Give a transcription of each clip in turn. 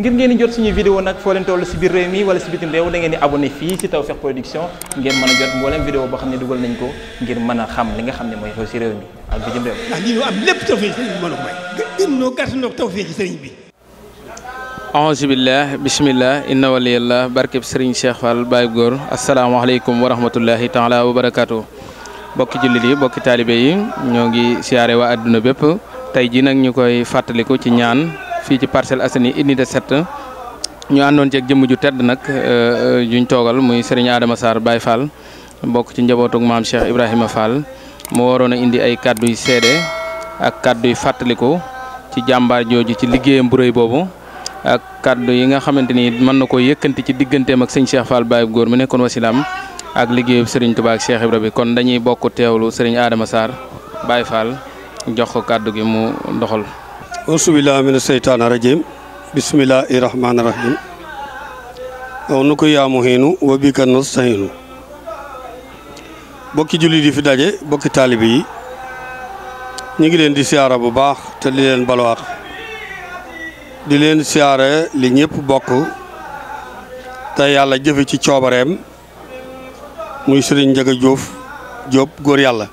ngir ngeen di jot suñu vidéo nag foo leen toll si biir réew mi wala si bitim réew da ngeen di abonné fii si Tawfekh Production ngeen mën a jot mboolem vidéo boo xam ne dugal nañ ko ngir mën a xam li nga xam ne mooy xew si réew mi ak bitim réew. ndax lii ñu am lépp tawfeex sëriñ sëriñ bi. aouzu billah bismillah inna waliyallah barkeb sëriñ Cheikh Fall Baye Góor asalaamaaleykum wa rahmatullahi taala wa barakaatu bokki jullit yi bokki taalibe yi ñoo ngi siyaare waa adduna bépp tey ji nag ñu koy fàttaliku ci ñaan fii ci parcelle Parcelles Assainies unité 7 ñu àndoon ceeg jëmm ju tedd nag euh, euh, juñ toogal muy sëriñ Adama saar Baye Fall bokk ci njabootug maam Cheikh Ibrahima Fall mu waroon a indi ay kàddu yu seede ak kàddu yu fàttaliku ci jàmbaar jooju ci liggéeyam bu boobu ak kàddu yi nga xamante ni mën na ko yëkkanti ci digganteem ak sëñ Cheikh Fall Baye góor mu nekkoon wasilaam ak liggéeyu Serigne Touba ak Cheikh Ibra bi kon dañuy bokk teewlu sëriñ Adama Sarr Baye Fall jox kàddu gi mu doxal. ausubillah mina seytaan rajim bismillahi rahmaani rahim aw nu ko yaamu xiinu wa bika bokki jullit yi fi daje bokki taalibe yi ñu ngi leen di siyaara bu baax te di leen balwaat di leen siyaare li ñépp bokk te yàlla jëfe ci coobareem muy sëriñ Njaga Jóof Jóob góor yàlla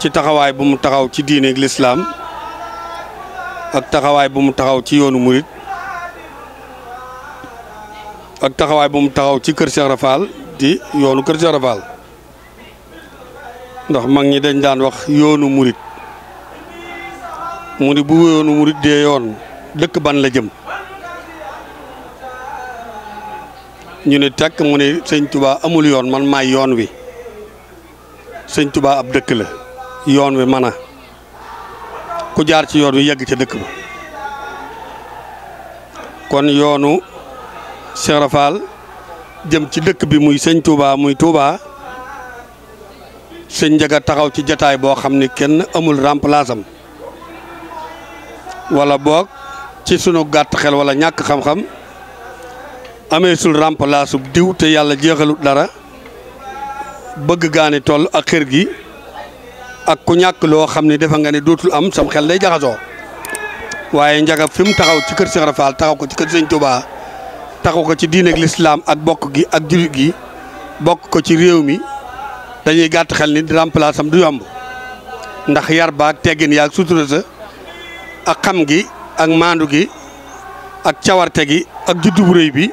ci taxawaay bu mu taxaw ci diine lislaam ak taxawaay bu mu taxaw ci yoonu murit ak taxawaay bu mu taxaw ci kër Cheikh Rafal di yoonu kër Cheikh Rafal ndax mag ñi dañ daan wax yoonu murit mu ni bu yoonu murit dee yoon dëkk ban la jëm ñu ne tekk mu ne sëñ Touba amul yoon man maay yoon wi sëñ Touba ab dëkk la yoon wi man ku jaar ci yoon wi yegg ca dëkk ba kon yoonu Cheikh jëm ci dëkk bi muy sëñ Touba muy Touba sëñ Njaga taxaw ci jataay boo xam ni kenn amul remplace am wala boog ci sunu gàtt xel wala ñàkk xam-xam amee sul diw te yàlla jeexalut dara bëgg gaani toll ak xër gi. ak ku ñàkk loo xam ne defa nga ne dootul am sam xel lay jaxasoo waaye njaga fi mu taxaw ci kër Cheikh Rafal taxaw ko ci kër Sëñ Touba taxaw ko ci diineeg lislaam ak bokk gi ak jullit gi bokk ko ci réew mi dañuy gàtt xel ni remplace du yomb ndax yar baag teggin yaag sutura ak xam gi ak maandu gi ak cawarte gi ak juddu bu bi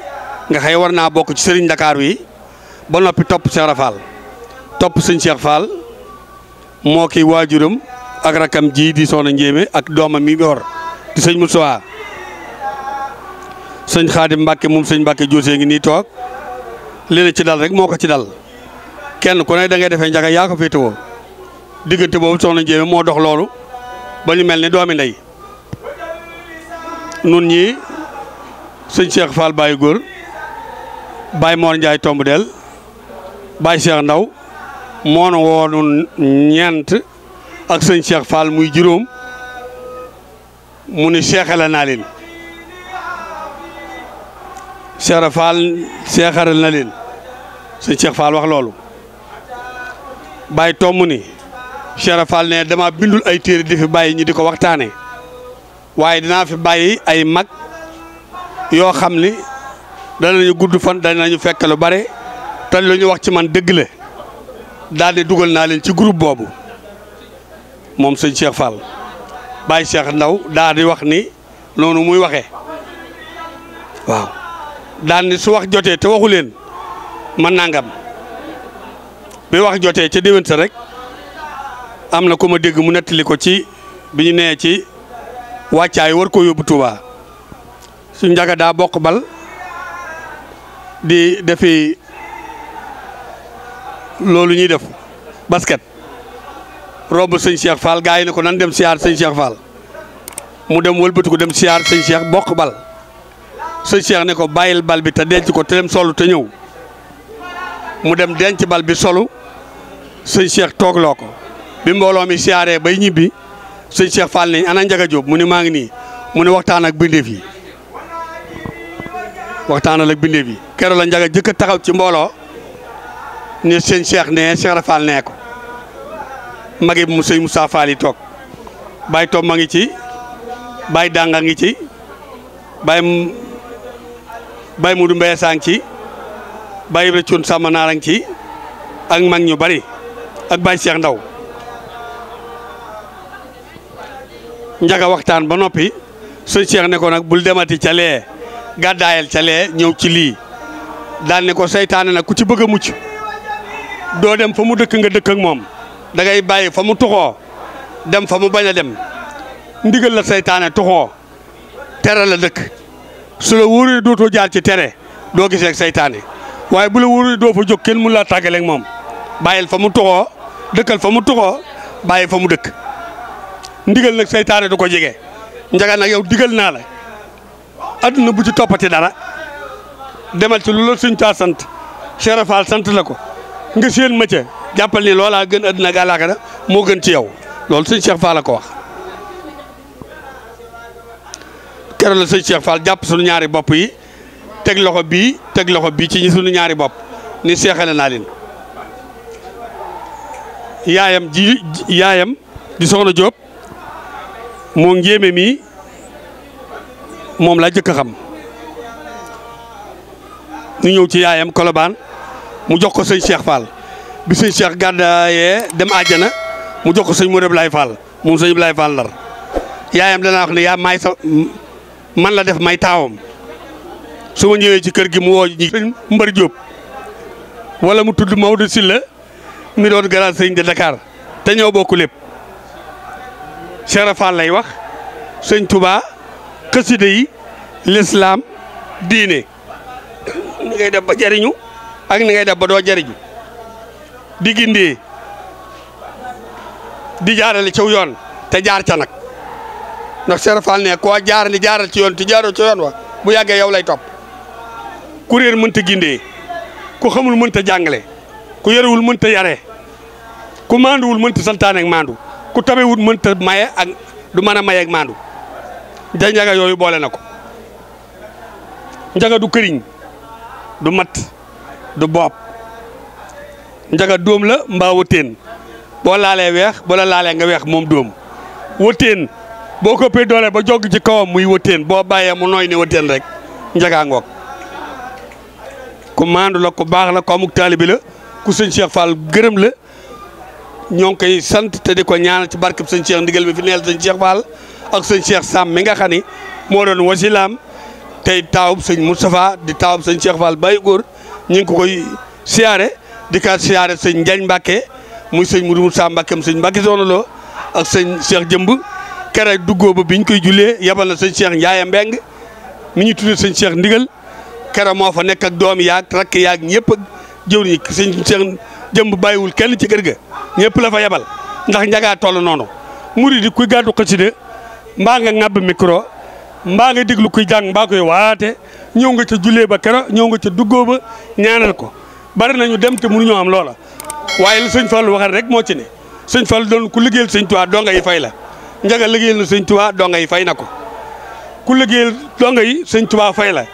nga xëy war naa bokk ci sëriñ Dakar wi ba noppi topp Cheikh topp sëñ Cheikh moo ki waajuram ak rakam ji di soxna Ndiémé ak doomam mi yor di sëñ Moustapha sëñ Xaadim Mbàkke moom sëñ Mbàkke Joosee ngi nii toog li ci dal rek moo ko ci dal kenn ku ne dangay defe defee njaga yaa ko féetewoo diggante boobu soxna Ndiémé moo dox loolu ba ñu mel ni doomi ndey nun ñii sëñ Cheikh Fall Baye Góor Baye Mor Ndiaye Tombou del Baye Cheikh Ndaw moon woonu ñeent ak sëñ Cheikh Fall muy juróom mu ni seexala naa leen Cheikh Fall na leen sëñ wax loolu bàyyi tomm ni Cheikh Fall ne dama bindul ay téere di fi bàyyi ñi di ko waxtaane waaye dinaa fi bàyyi ay mag yoo xam ni danañu gudd fan ñu fekk lu bare te lu ñu wax ci man dëgg la daal di dugal naa leen ci groupe boobu moom sëñ Cheikh Fall Baye Cheikh Ndaw daal di wax ni noonu muy waxe waaw daal ni su wax jotee te waxu leen ma nangam bi wax jotee ca déwén sa rek am na ku ma dégg mu nettali ko ci bi ñu nee ci wàccaay war koo yóbbu Touba suñ njaga daa bokk bal di defi loolu ñuy def basket rob sëñ Cheikh Fall gaa yi ne ko nan dem siyaar sëñ Cheikh Fall mu dem wëlbatiku dem siyaar sëñ Cheikh bokk bal sëñ Cheikh ne ko bàyyil bal bi te denc ko te dem solu te ñëw mu dem denc bal bi solu sëñ toog loo ko bi mbooloo mi siyaaree bay ñibbi sëñ Cheikh Fall ana Njaga Jóob mu ni maa ngi nii mu ne waxtaan ak bindeef yi waxtaan ak bindeef yi keroog la Njaga jëkk a taxaw ci mbooloo. ne sëñ Cheikh nee Cheikh Rafal nee ko magi mu sëñ mu Fall toog Baye Tom ma ngi ci Baye Danga ngi ci Baye bay Modou Mbaye saa ngi ci Baye Ibrahima Thioune ngi ci ak mag ñu bari ak Baye Cheikh Ndaw njaga waxtaan ba noppi sëñ Cheikh ne ko nag bul demati ca lee gàddaayal ca lee ñëw ci lii daal ne ko seytaane nag ku ci bëgg a mucc. doo dem fa mu dëkk nga dëkk ak moom da ngay bàyyi fa mu tuxoo dem fa mu bañ a dem ndigal la seytaane toxo tere la dëkk su la wóoree dootoo jaar ci tere doo gisee ak seytaane waaye bu la wóoree doo fa jóg kenn mun laa tàggale ak moom bàyyil fa mu tuxoo dëkkal fa mu tuxoo bàyyi fa mu dëkk ndigal na seytaane du ko jege njaga nag yow digal naa la adduna bu ci toppati dara demal ci lu la suñ taa sant Cheikh Fall sant la ko nga séen ma ca jàppal ni loolaa gën àddina ak àllaaxira moo gën ci yow lool sëñ Cheikh Fall la ko wax. keroog la sëñ Cheikh Fall jàpp sunu ñaari bopp yi teg loxo bii teg loxo bii ci ñi ñaari bopp ni seexale naa leen yaayam ji yaayam di soxna Diop moo njéeme mi moom laa jëkk a xam ñu ñëw ci yaayam kolobaan mu jox ko sëñ Cheikh Fall bi sëñ Cheikh gàddaayee dem àjjana mu jox ko sëñ Modou Ablaye Fall moom sëñ Ablaye Fall Ndar yaayam dana wax ne yaa maay sa man la def may taawam su ma ñëwee ci kër gi mu woo ñi sëñ Mbar Diop wala mu tudd Maodo Sylla mi doon grand sëñ de Dakar te ñëw bokk lépp Cheikh Fall lay wax sëñ Touba xasida yi l'islam diine ni ngay def ba jariñu ak ni ngay def ba doo jariñu di gindee di jaarale ciw yoon te jaar ca nag ndax Seera ko ne koo jaarale jaaral ci yoon te jaaroo ca yoon wa bu yàggee yow lay topp ku réer mënta gindee ku xamul mënta jàngale ku yorewul mënta yare ku maanduwul mënta santaane ak maandu ku tabewul mënta maye ak du mën a maye ak maandu njaga yooyu boole na ko njaga du këriñ du mat du boob njaga dóom la mbaa wëteen boo laalee weex boo la laalee nga weex moom dóom wëteen boo ko ëppee doole ba jog ci kawam muy wëteen boo bàyyee mu nooy ni wëteen rek njagaa ngoog ku maandu la ku baax la ku amuk taalibi la ku sëñ Cheikh Fall gërëm la ñoo ngi koy sant te di ko ñaanal ci barkeb sëñ Cheikh ndigal bi fi neel sëñ Cheikh Fall ak sëñ Cheikh Sam mi nga xam ni moo doon wasilaam tey taawub sëñ Moustapha di taawub sëñ Cheikh Fall bàyyi góor ñu ngi ko koy siyaare dika ka siyaare sëñ Njaañ Mbàkke muy sëñ Mudu Musaa Mbàkke sëñ Mbàkke soxna loo ak sëñ Cheikh Jëmb kere duggoo ba bi ñu koy julee yabal na sëñ Cheikh Ndiaye Mbeng mi ñu tuddee sëñ Cheikh Ndigal kere moo fa nekk ak doom yaag rakk yaag ñëpp ak jëw ñi sëñ Cheikh Jëmb bàyyiwul kenn ci kër ga ñëpp la fa yabal ndax njagaa toll noonu murid yi kuy gàddu xasida mbaa nga ŋàbb micro mbaa nga déglu kuy jàng mbaa koy waate ñëw nga ca jullee ba kero ñëw nga ca duggoo ba ñaanal ko bari nañu dem te mu mënuñoo am loola waaye la sëñ Fallu waxal rek moo ci ne sëñ Fallu doon ku liggéeyal sëñ Tuubaa donga yi fay la njaga liggéeyal na sëñ Tuubaa donga yi fay na ko ku liggéeyal donga yi sëñ fay la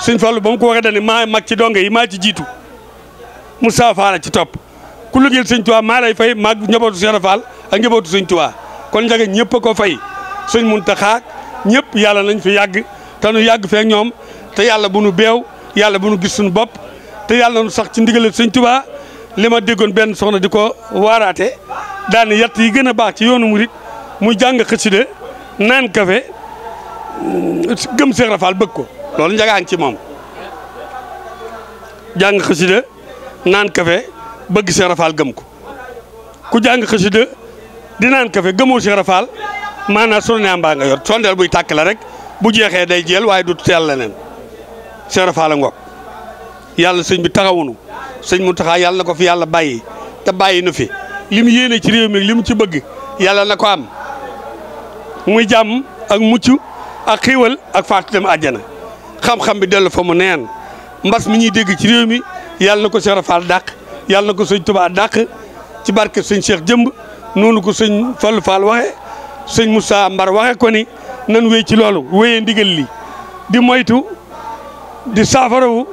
sëñ Fallu ba mu ko waxee dañ maa mag ci donga yi maa ci jiitu mu Moussa Fall ci topp ku liggéeyal sëñ Tuubaa maa lay fay maag njabootu Cheikh Fall ak njabootu sëñ Tuubaa kon njaga ñëpp a ko fay sëñ mun Muntaxa ñëpp yàlla nañ fi yàgg te nu yàgg feek ñoom te yàlla bu nu beew yàlla bu nu gis suñu bopp te yàlla nu sax ci ndigalal sëñ Tuubaa li ma déggoon benn soxna di ko waaraate daane yatt yi gën a baax ci yoonu murit muy jàng xasida naan kafe gëm Seex Rafal bëgg ko loolu njagaan ci moom jàng xasida naan kafe bëgg Seex Rafal gëm ko ku jàng xasida di naan kafe gëmoo Seex Rafal maanaam sonné mbaa nga yor sondeel buy tàkk la rek bu jeexee day jël waaye du teel nen Cheikh Fall ngoog yàlla sëñ bi taxawunu sëñ mu taxaa yàlla na ko fi yàlla bàyyi te bàyyi nu fi li mu yéene ci réew mi li mu ci bëgg yàlla na ko am muy jàmm ak mucc ak xiiwal ak faatu dem àjjana xam-xam bi dellu fa mu neen mbas mi ñuy dégg ci réew mi yàlla na ko Cheikh Fall dàq yàlla na ko sëñ Touba dàq ci barke sëñ Cheikh jëmb noonu ko sëñ Fallou Fall waxe sëñ Moussa Mbar waxe ko nan wéy ci loolu wéyee ndigal li di moytu di saafarawu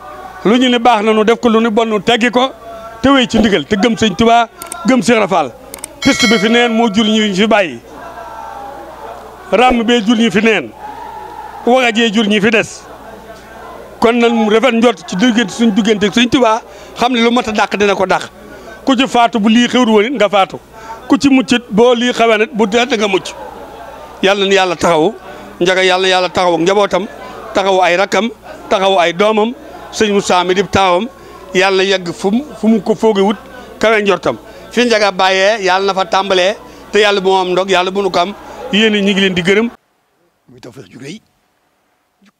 lu ñu ne baax na nu def ko lu ñu bon nu teggi ko te wéy ci ndigal te gëm sëñ Tuubaa gëm Seex Rafaal piste bi fi neen moo jur ñu fi bàyyi ràmm bee jur ñi fi neen wagajee jur ñi fi des kon nag mu rafet njot ci diggante suñ duggante suñ Tuubaa xam ne lu mat a dàq dina ko dàq ku ci faatu bu lii xewru woon it nga faatu ku ci muccit boo lii xewee nit bu dee nga mucc yàlla na yàlla taxaw njaga yàlla yàlla taxaw njabootam taxaw ay rakkam taxaw ay doomam sëñ mu mi di taawam yàlla na yegg fu mu fu mu ko foogee wut kawe njortam fi njaga bàyyee yàlla na fa tàmbalee te yàlla bu am ndog yàlla bu nu ko am yéen ñi ngi leen di gërëm. muy tawfeex ju rëy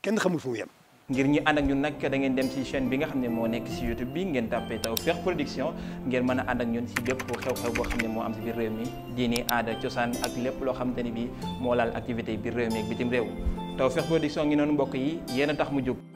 kenn xamul fu mu yem. ngir ñi nag da ngeen dem ci chaîne bi nga xam ne moo nekk ci YouTube bi ngeen tàppee Tawfekh Production ngeen mën a ànd ak ñun ci bépp xew-xew boo xam ne moo am ci biir réew mi diini aada cosaan ak lépp loo xam xamante ni bi moo laal activité biir réew mi ak bitim réew Tawfekh Production ngi noonu mbokk yi yéen a tax mu jóg.